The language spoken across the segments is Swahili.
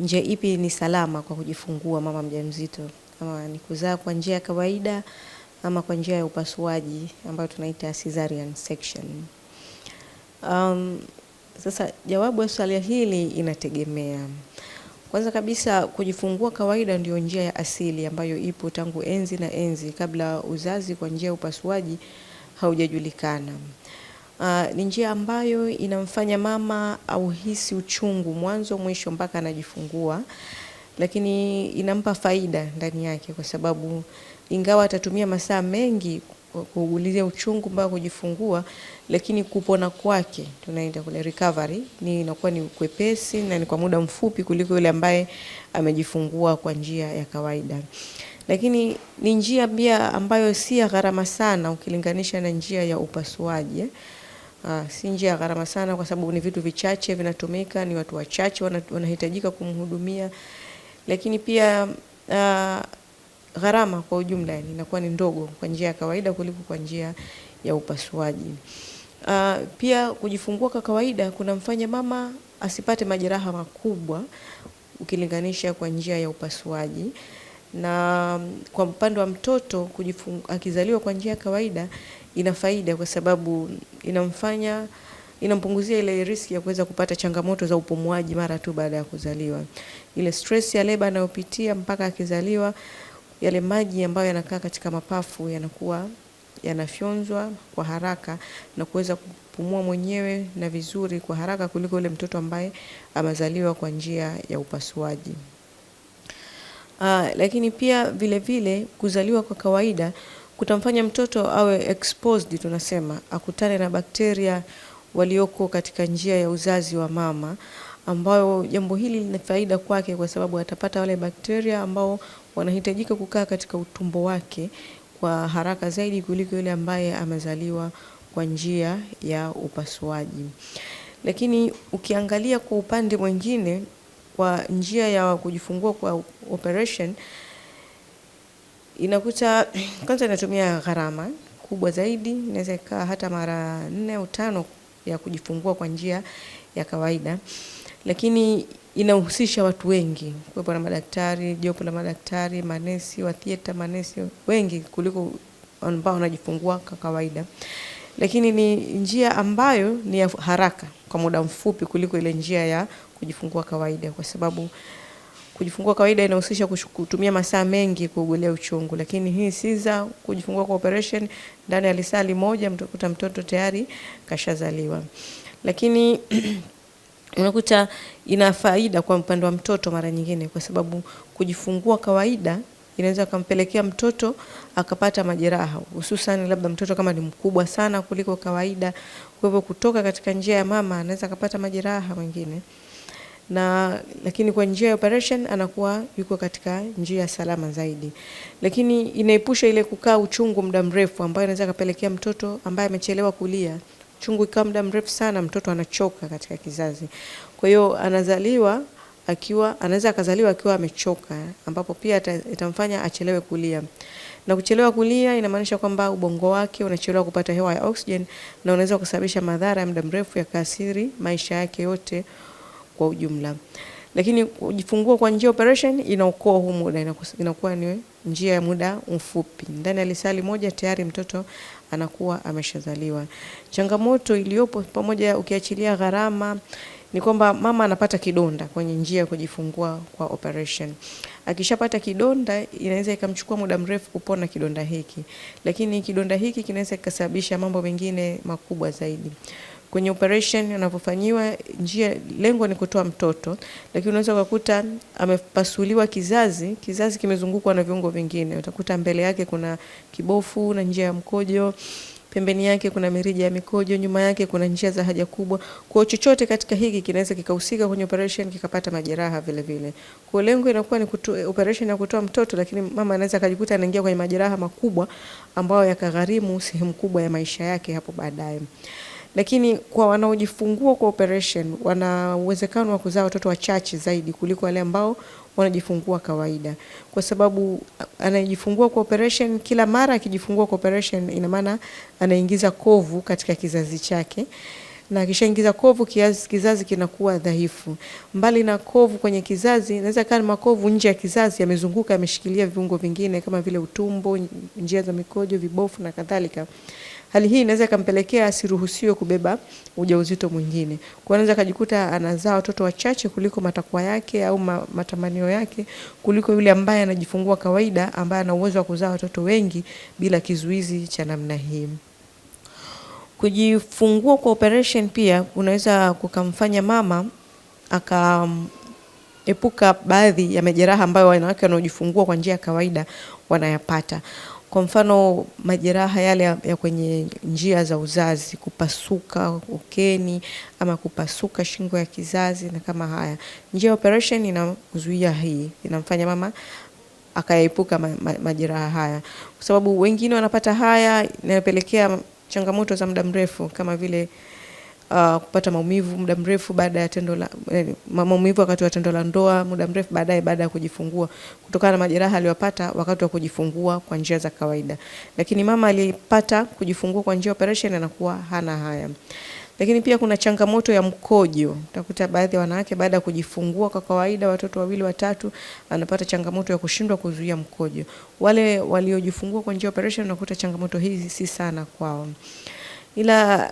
njia ipi ni salama kwa kujifungua mama mjamzito, ama ni kuzaa kwa njia ya kawaida ama kwa njia ya upasuaji ambayo tunaita cesarean section. Um, sasa jawabu ya swali hili inategemea. Kwanza kabisa kujifungua kawaida ndio njia ya asili ambayo ipo tangu enzi na enzi kabla uzazi kwa njia ya upasuaji haujajulikana. Uh, ni njia ambayo inamfanya mama auhisi uchungu mwanzo mwisho mpaka anajifungua, lakini inampa faida ndani yake, kwa sababu ingawa atatumia masaa mengi kuugulizia uchungu mpaka kujifungua, lakini kupona kwake tunaita kule recovery ni inakuwa ni kwepesi na ni kwa muda mfupi kuliko yule ambaye amejifungua kwa njia ya kawaida lakini ni njia pia ambayo si ya gharama sana ukilinganisha na njia ya upasuaji. Ah, si njia ya gharama sana kwa sababu ni vitu vichache vinatumika, ni watu wachache wanahitajika kumhudumia, lakini pia uh, gharama kwa ujumla yani inakuwa ni ndogo kwa njia ya kawaida kuliko kwa njia ya upasuaji. Uh, pia kujifungua kwa kawaida kunamfanya mama asipate majeraha makubwa ukilinganisha kwa njia ya upasuaji na mm, kwa upande wa mtoto akizaliwa kwa njia ya kawaida ina faida kwa sababu inamfanya inampunguzia ile riski ya kuweza kupata changamoto za upumuaji mara tu baada ya kuzaliwa. Ile stress ya leba anayopitia mpaka akizaliwa, yale maji ambayo yanakaa katika mapafu yanakuwa yanafyonzwa kwa haraka na kuweza kupumua mwenyewe na vizuri kwa haraka kuliko ule mtoto ambaye amezaliwa kwa njia ya upasuaji. Aa, ah, lakini pia vile vile kuzaliwa kwa kawaida kutamfanya mtoto awe exposed, tunasema akutane na bakteria walioko katika njia ya uzazi wa mama, ambayo jambo hili lina faida kwake kwa sababu atapata wale bakteria ambao wanahitajika kukaa katika utumbo wake kwa haraka zaidi kuliko yule ambaye amezaliwa kwa njia ya upasuaji. Lakini ukiangalia kwa upande mwingine kwa njia ya kujifungua kwa operation inakuta kwanza inatumia gharama kubwa zaidi, inaweza ikaa hata mara nne au tano ya kujifungua kwa njia ya kawaida, lakini inahusisha watu wengi, kuwepo na madaktari, jopo la madaktari, manesi wa theater, manesi wengi kuliko ambao wanajifungua kwa kawaida, lakini ni njia ambayo ni ya haraka kwa muda mfupi kuliko ile njia ya kujifungua kawaida, kwa sababu kujifungua kawaida inahusisha kutumia masaa mengi kuugulea uchungu, lakini hii siza kujifungua kwa operation, ndani ya lisali moja mtakuta mtoto tayari kashazaliwa. Lakini unakuta ina faida kwa upande wa mtoto mara nyingine, kwa sababu kujifungua kawaida inaweza akampelekea mtoto akapata majeraha, hususan labda mtoto kama ni mkubwa sana kuliko kawaida. Kwa hivyo kutoka katika njia ya mama anaweza akapata majeraha mengine na lakini kwa njia ya operation anakuwa yuko katika njia salama zaidi, lakini inaepusha ile kukaa uchungu muda mrefu, ambayo inaweza kapelekea mtoto ambaye amechelewa kulia. Uchungu ikawa muda mrefu sana, mtoto anachoka katika kizazi. Kwa hiyo anazaliwa akiwa anaweza akazaliwa akiwa amechoka, ambapo pia itamfanya achelewe kulia na kuchelewa kulia inamaanisha kwamba ubongo wake unachelewa kupata hewa ya oxygen na unaweza kusababisha madhara ya muda mrefu ya kasiri maisha yake yote kwa ujumla. Lakini kujifungua kwa njia operation inaokoa huu muda, inakuwa ni njia ya muda mfupi. Ndani ya lisali moja tayari mtoto anakuwa ameshazaliwa. Changamoto iliyopo pamoja, ukiachilia gharama, ni kwamba mama anapata kidonda kwenye njia ya kujifungua kwa operation. Akishapata kidonda, inaweza ikamchukua muda mrefu kupona kidonda hiki, lakini kidonda hiki kinaweza kikasababisha mambo mengine makubwa zaidi kwenye operation anavyofanyiwa njia, lengo ni kutoa mtoto, lakini unaweza ukakuta amepasuliwa kizazi, kizazi kimezungukwa na viungo vingine. Utakuta mbele yake kuna kibofu na njia ya mkojo, pembeni yake kuna mirija ya mikojo, nyuma yake kuna njia za haja kubwa. Kwa chochote katika hiki kinaweza kikahusika kwenye operation kikapata majeraha vile vile. Kwa lengo inakuwa ni kutu, operation ya kutoa mtoto, lakini mama anaweza akajikuta anaingia kwenye majeraha makubwa ambayo yakagharimu sehemu kubwa ya maisha yake hapo baadaye lakini kwa wanaojifungua kwa operation wana uwezekano wa kuzaa watoto wachache zaidi kuliko wale ambao wanajifungua kawaida, kwa sababu anayejifungua kwa operation, kila mara akijifungua kwa operation, ina maana anaingiza kovu katika kizazi chake na akishaingiza kovu kizazi, kizazi kinakuwa dhaifu. Mbali na kovu kwenye kizazi, naweza kaa makovu nje ya kizazi yamezunguka, yameshikilia viungo vingine kama vile utumbo, njia za mikojo, vibofu na kadhalika. Hali hii inaweza ikampelekea asiruhusiwe kubeba ujauzito mwingine. Kwa anaweza akajikuta anazaa watoto wachache kuliko matakwa yake au matamanio yake kuliko yule ambaye anajifungua kawaida ambaye ana uwezo wa kuzaa watoto wengi bila kizuizi cha namna hii. Kujifungua kwa operation pia unaweza kukamfanya mama akaepuka baadhi ya majeraha ambayo wanawake wanaojifungua kwa njia ya kawaida wanayapata. Kwa mfano majeraha yale ya kwenye njia za uzazi, kupasuka ukeni ama kupasuka shingo ya kizazi na kama haya, njia ya operation inamzuia hii, inamfanya mama akaepuka ma, ma, majeraha haya, kwa sababu wengine wanapata haya inayopelekea changamoto za muda mrefu kama vile uh, kupata maumivu muda mrefu baada ya tendo la eh, maumivu wakati wa tendo la ndoa, muda mrefu baadaye baada ya kujifungua, kutokana na majeraha aliyopata wakati wa kujifungua kwa njia za kawaida. Lakini mama alipata kujifungua kwa njia ya operation anakuwa hana haya. Lakini pia kuna changamoto ya mkojo. Utakuta baadhi ya wanawake baada ya kujifungua kwa kawaida watoto wawili watatu, anapata changamoto ya kushindwa kuzuia mkojo. Wale waliojifungua kwa njia operation, unakuta changamoto hizi si sana kwao, ila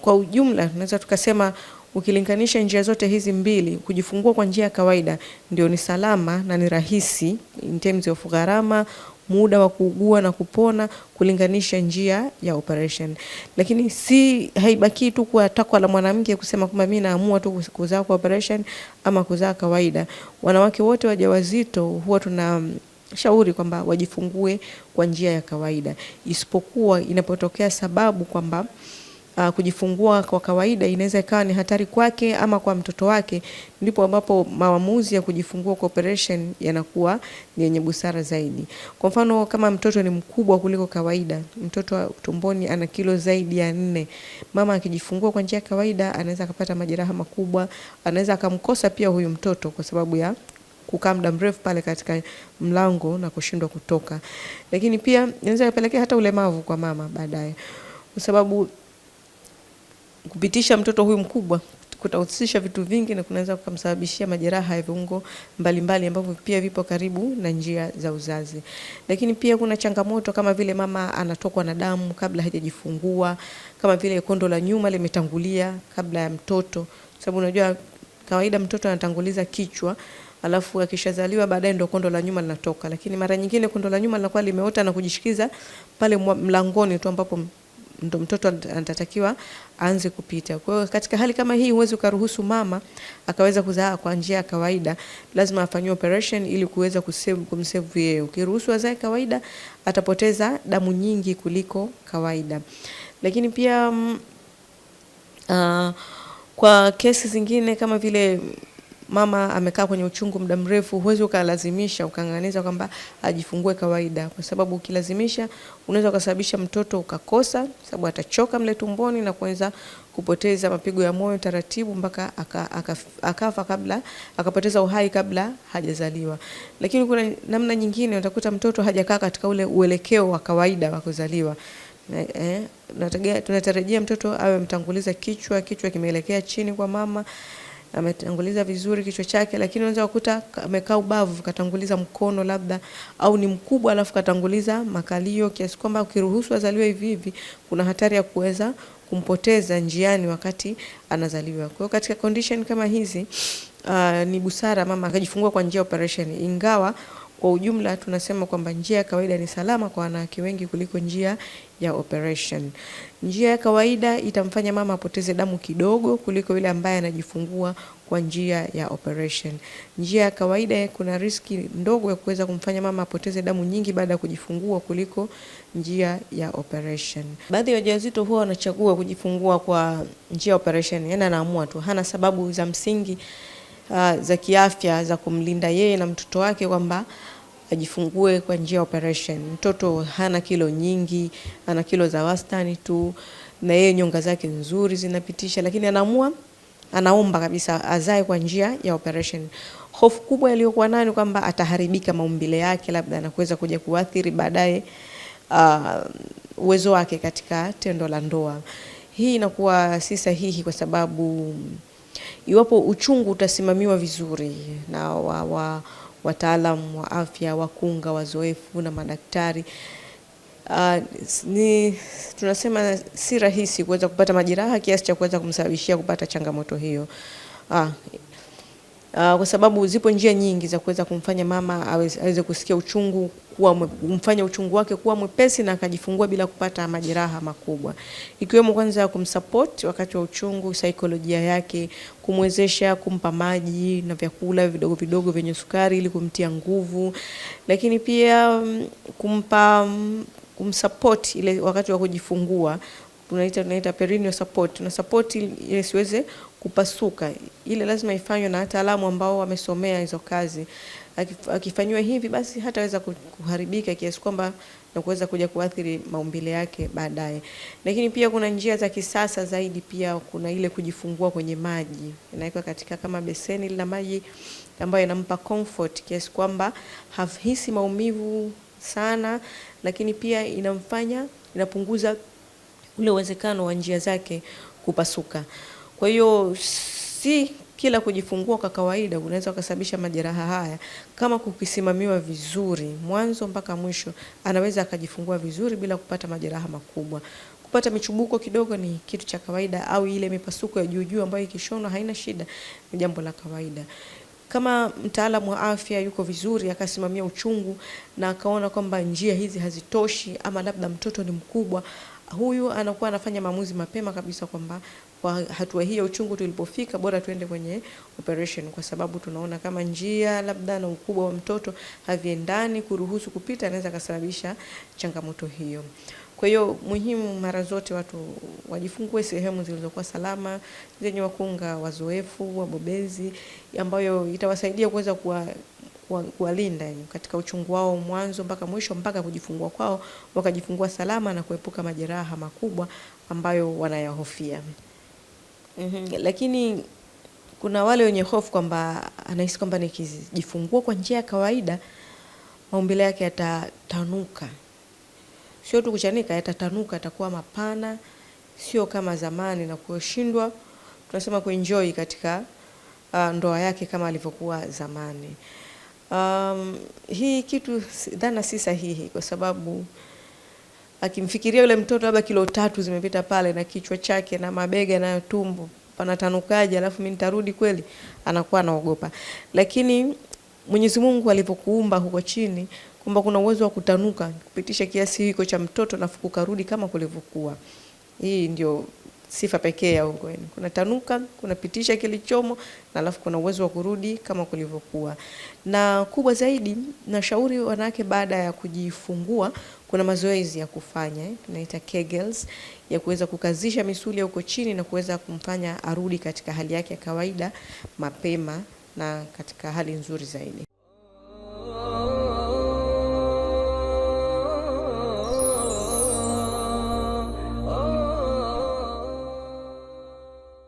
kwa ujumla tunaweza tukasema ukilinganisha njia zote hizi mbili, kujifungua kwa njia ya kawaida ndio ni salama na ni rahisi in terms of gharama, muda wa kuugua na kupona, kulinganisha njia ya operation. Lakini si haibaki tu kwa takwa la mwanamke kusema kwamba mimi naamua tu kuzaa kwa operation ama kuzaa kawaida. Wanawake wote wajawazito huwa tuna mm, shauri kwamba wajifungue kwa njia ya kawaida, isipokuwa inapotokea sababu kwamba uh, kujifungua kwa kawaida inaweza ikawa ni hatari kwake ama kwa mtoto wake, ndipo ambapo maamuzi ya kujifungua kwa operation yanakuwa ni yenye busara zaidi. Kwa mfano kama mtoto ni mkubwa kuliko kawaida, mtoto tumboni ana kilo zaidi ya nne, mama akijifungua kwa njia ya kawaida anaweza akapata majeraha makubwa, anaweza akamkosa pia huyu mtoto kwa sababu ya kukaa muda mrefu pale katika mlango na kushindwa kutoka, lakini pia inaweza kupelekea hata ulemavu kwa mama baadaye, kwa sababu Kupitisha mtoto huyu mkubwa kutahusisha vitu vingi na kunaweza kumsababishia majeraha ya viungo mbalimbali ambavyo pia vipo karibu na njia za uzazi. Lakini pia kuna changamoto kama vile mama anatokwa na damu kabla hajajifungua, kama vile kondo la nyuma limetangulia kabla ya mtoto, sababu unajua kawaida mtoto anatanguliza kichwa alafu akishazaliwa baadaye ndio kondo la nyuma linatoka, lakini mara nyingine kondo la nyuma linakuwa limeota na kujishikiza pale mlangoni tu ambapo ndo mtoto anatakiwa aanze kupita. Kwa hiyo katika hali kama hii huwezi ukaruhusu mama akaweza kuzaa kwa njia ya kawaida, lazima afanywe operation ili kuweza kumsave yeye. Ukiruhusu azae kawaida atapoteza damu nyingi kuliko kawaida. Lakini pia uh, kwa kesi zingine kama vile mama amekaa kwenye uchungu muda mrefu, huwezi ukalazimisha ukang'aniza kwamba ajifungue kawaida, kwa sababu ukilazimisha unaweza ukasababisha mtoto ukakosa, sababu atachoka mle tumboni na kuweza kupoteza mapigo ya moyo taratibu mpaka akafa aka, kabla akapoteza uhai kabla hajazaliwa. Lakini kuna namna nyingine utakuta mtoto hajakaa katika ule uelekeo wa kawaida wa kuzaliwa. Eh, eh tunatarajia mtoto awe mtanguliza kichwa, kichwa kimeelekea chini kwa mama ametanguliza vizuri kichwa chake, lakini unaweza kukuta amekaa ubavu katanguliza mkono labda, au ni mkubwa alafu katanguliza makalio, kiasi kwamba ukiruhusu azaliwe hivi hivi kuna hatari ya kuweza kumpoteza njiani wakati anazaliwa. Kwa hiyo katika condition kama hizi, uh, ni busara mama akajifungua kwa njia ya operation ingawa kwa ujumla tunasema kwamba njia ya kawaida ni salama kwa wanawake wengi kuliko njia ya operation. Njia ya kawaida itamfanya mama apoteze damu kidogo kuliko yule ambaye anajifungua kwa njia ya operation. Njia ya kawaida kuna riski ndogo ya kuweza kumfanya mama apoteze damu nyingi baada ya kujifungua kuliko njia ya operation. Baadhi ya wajawazito huwa wanachagua kujifungua kwa njia ya operation, yaani anaamua tu, hana sababu za msingi uh, za kiafya za kumlinda yeye na mtoto wake kwamba ajifungue kwa njia ya operation. Mtoto hana kilo nyingi, ana kilo za wastani tu, na yeye nyonga zake nzuri zinapitisha, lakini anaamua anaomba kabisa azae kwa njia ya operation. Hofu kubwa aliyokuwa nayo kwamba ataharibika maumbile yake, labda kuweza kuja kuathiri baadaye uh, uwezo wake katika tendo la ndoa. Hii inakuwa si sahihi kwa sababu Iwapo uchungu utasimamiwa vizuri na wa, wa, wataalamu wa afya, wakunga wazoefu na madaktari Uh, ni tunasema si rahisi kuweza kupata majeraha kiasi cha kuweza kumsababishia kupata changamoto hiyo. Uh, Uh, kwa sababu zipo njia nyingi za kuweza kumfanya mama aweze kusikia uchungu kuwa kumfanya uchungu wake kuwa mwepesi na akajifungua bila kupata majeraha makubwa, ikiwemo kwanza kumsupport wakati wa uchungu, saikolojia yake, kumwezesha, kumpa maji na vyakula vidogo vidogo vyenye sukari ili kumtia nguvu, lakini pia mm, kumpa mm, kumsupport ile wakati wa kujifungua tunaita tunaita perineal support, tuna support ili siweze kupasuka ile lazima ifanywe na wataalamu ambao wamesomea hizo kazi. Akifanyiwa hivi, basi hataweza kuharibika kiasi kwamba na kuweza kuja kuathiri maumbile yake baadaye. Lakini pia kuna njia za kisasa zaidi, pia kuna ile kujifungua kwenye maji, inawekwa katika kama beseni la maji ambayo inampa comfort kiasi kwamba hahisi maumivu sana, lakini pia inamfanya inapunguza ule uwezekano wa njia zake kupasuka. Kwa hiyo si kila kujifungua kwa kawaida unaweza ukasababisha majeraha haya. Kama kukisimamiwa vizuri mwanzo mpaka mwisho, anaweza akajifungua vizuri bila kupata majeraha makubwa. Kupata michubuko kidogo ni kitu cha kawaida, au ile mipasuko ya juu juu ambayo ikishonwa haina shida, ni jambo la kawaida. Kama mtaalamu wa afya yuko vizuri akasimamia uchungu na akaona kwamba njia hizi hazitoshi, ama labda mtoto ni mkubwa, huyu anakuwa anafanya maamuzi mapema kabisa kwamba kwa hatua hii ya uchungu tulipofika, bora tuende kwenye operation, kwa sababu tunaona kama njia labda na ukubwa wa mtoto haviendani, kuruhusu kupita anaweza kasababisha changamoto hiyo. Kwa hiyo muhimu mara zote watu wajifungue sehemu zilizokuwa salama zenye wakunga wazoefu, wabobezi, ambayo itawasaidia kuweza kuwa kuwalinda katika uchungu wao mwanzo mpaka mwisho mpaka kujifungua kwao, wakajifungua salama na kuepuka majeraha makubwa ambayo wanayahofia mm -hmm. Lakini kuna wale wenye hofu kwamba anahisi kwamba nikijifungua kwa njia ya kawaida maumbile yake yatatanuka, sio tu kuchanika, yatatanuka, yatakuwa mapana, sio kama zamani na kuoshindwa tunasema kuenjoy katika uh, ndoa yake kama alivyokuwa zamani. Um, hii kitu dhana si sahihi kwa sababu akimfikiria yule mtoto labda kilo tatu zimepita pale na kichwa chake na mabega na tumbo panatanukaje, alafu mimi nitarudi kweli, anakuwa anaogopa. Lakini Mwenyezi Mungu alipokuumba huko chini, kwamba kuna uwezo wa kutanuka kupitisha kiasi hiko cha mtoto, alafu kukarudi kama kulivyokuwa. Hii ndio sifa pekee ya ungo Kuna tanuka, kuna pitisha kilichomo na alafu kuna uwezo wa kurudi kama kulivyokuwa. Na kubwa zaidi, nashauri wanawake baada ya kujifungua kuna mazoezi ya kufanya eh, tunaita Kegels ya kuweza kukazisha misuli ya uko chini na kuweza kumfanya arudi katika hali yake ya kawaida mapema na katika hali nzuri zaidi.